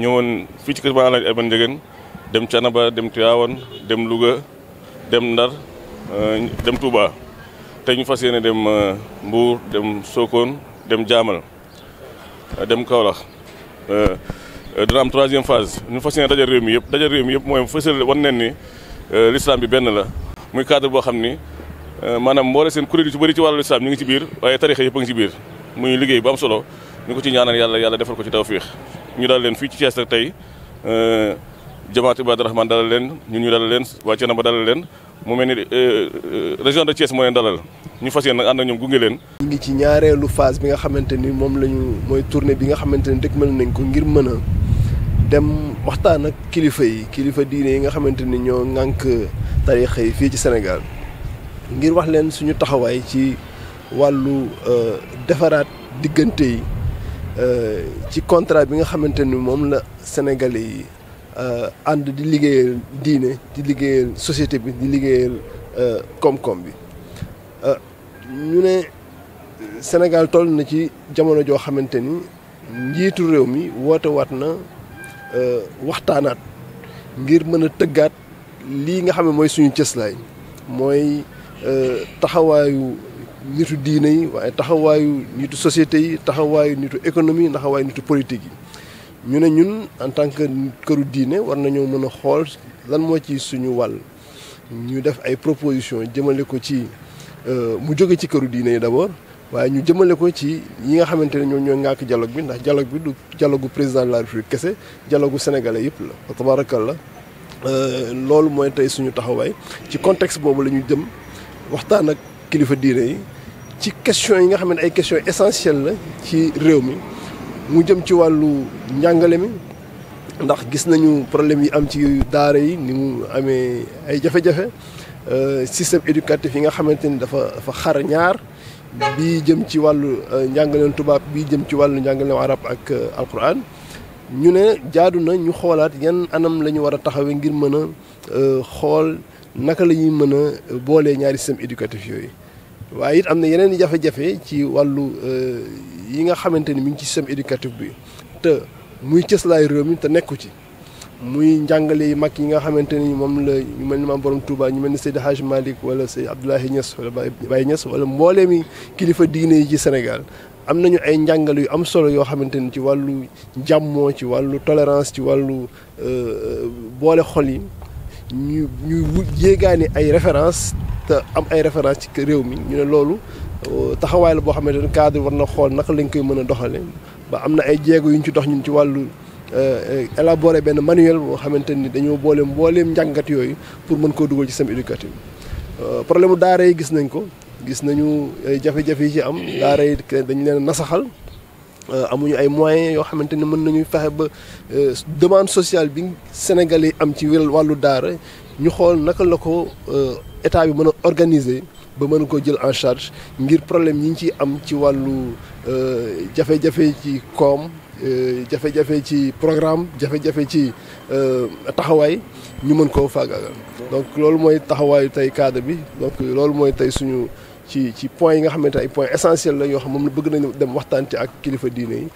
ñëwoon fii ci kër ba alaaj Iban Ndiéguène dem Canaba dem Tivaouane dem Louga dem Ndar euh, dem Touba te ñu fas dem euh, Mbour dem sokon dem jamal euh, dem Kaolack dina am troisième phase ñu fas yéene dajal réew mi yëpp dajal réew mi yëpp mooy fësal wan nen ni l'islam bi benn la muy cadre boo xam ni maanaam mboole seen kuréel yu ci bëri ci wàllu l'islam ñu ngi ci biir waaye tarixa yëpp ngi ci biir muy liggéey bu am solo ñu ko ci ñaanal yàlla yàlla defal ko ci tawfiix ñu dalal leen fii ci Thiès tey euh, jamaatu Ibaadu Rahmaan dalal leen ñu ñu dalal leen waa Thiénaba dalal leen mu mel ni euh, euh, région de Thiès moo leen dalal ñu fas yéene nag ànd ak ñoom gunge leen. ñu ngi ci ñaareelu phase bi nga xamante ni moom lañu mooy tournée bi nga xamante ni mën mel nañ ko ngir mën a dem waxtaan ak kilifa yi kilifa diine yi nga xamante ni ñoo ŋànk tarixa yi fii ci senegal ngir wax leen suñu taxawaay ci wàllu defaraat diggante yi. Euh, ci contrat bi nga xamante ni moom la sénégalais yi euh, ànd di liggéeyal diine di liggéeyal société bi di liggéeyal euh, koom-koom bi ñu ne Sénégal toll na ci jamono joo xamante ni njiitu réew mi woote waat na waxtaanaat ngir mën a tëggaat lii nga xam ne mooy suñu cëslaay mooy taxawaayu. nitu diine yi waaye taxawaayu nitu société yi taxawaayu nitu économie taxawaayu nitu politique yi ñu ne ñun en tant que këru diine war nañoo mën a xool lan moo ci suñu wàll ñu def ay proposition jëmale ko ci euh, mu jóge ci këru diine yi d'abord waaye ñu jëmale ko ci yi nga xamante ne ñoom ñooy ngàkk dialogue bi ndax dialogue bi du dialogue président de la république kese dialogue sénégalais yëpp la wa tabarakallah euh, loolu mooy tey suñu taxawaay ci contexte boobu la ñu jëm waxtaan ak kilifa diine yi ci question yi nga xam ay question essentielle la ci réew mi mu jëm ci wàllu njàngale mi ndax gis nañu problème yi am ci daara yi ni mu amee ay jafe-jafe euh, système éducatif yi nga xamante ni dafa dafa xar ñaar bii jëm ci wàllu euh, njàngaleen tubaab bii jëm ci wàllu njàngaleen arab ak euh, alquran ñu ne jaadu na ñu xoolaat yan anam la ñu war a taxawee ngir mën a xool naka la ñuy mën a boolee ñaari système éducatif yooyu waaye it am na yeneen jafe-jafe ci wàllu euh, yi nga xamante ni mi ngi ci système éducatif bi te muy cëslaay réew mi te nekku ci muy njàngale yu mag yi nga xamante ni moom la ñu mel ni maam borom Touba ñu mel ni Seydi Hadj Malick wala Seydi Abdoulaye Niass wala Baye Niass wala mbooleemi kilifa diine yi ci Sénégal am nañu ay njàngale yu am solo yoo xamante ni ci wàllu jàmmoo ci wàllu tolérance ci wàllu euh, boole xol yi ñu ñu yéegaani ay référence te am ay référence ci réew mi ñu ne loolu euh, taxawaay la boo xamante ne cadre war na xool naka lañ koy mën a doxale ba am na ay jéego yu ci dox ñun ci wàllu euh, euh, élaborer benn manuel boo xamante ni dañoo boole mbooleem njàngat yooyu pour mën koo dugal ci système éducatif problème mu daara gis nañ ko gis nañu jafe-jafe ci am daara yi dañ leen nasaxal amuñu ay moyens yoo xamante ni mën nañu fexe ba demande sociale bi Sénégalais yi am ci wàllu daara ñu xool naka la ko état bi mën a organiser ba mën ko jël en charge ngir problème ñi ngi ci am ci wàllu euh, jafe-jafe ci koom euh, jafe-jafe ci programme jafe-jafe ci euh, taxawaay ñu mën koo faagaagal. donc loolu mooy taxawaayu tey cadre bi donc loolu mooy tey suñu ci ci point yi nga xamante ay point essentiel la yoo xam moom la bëgg nañu dem waxtaan ci ak kilifa diine yi.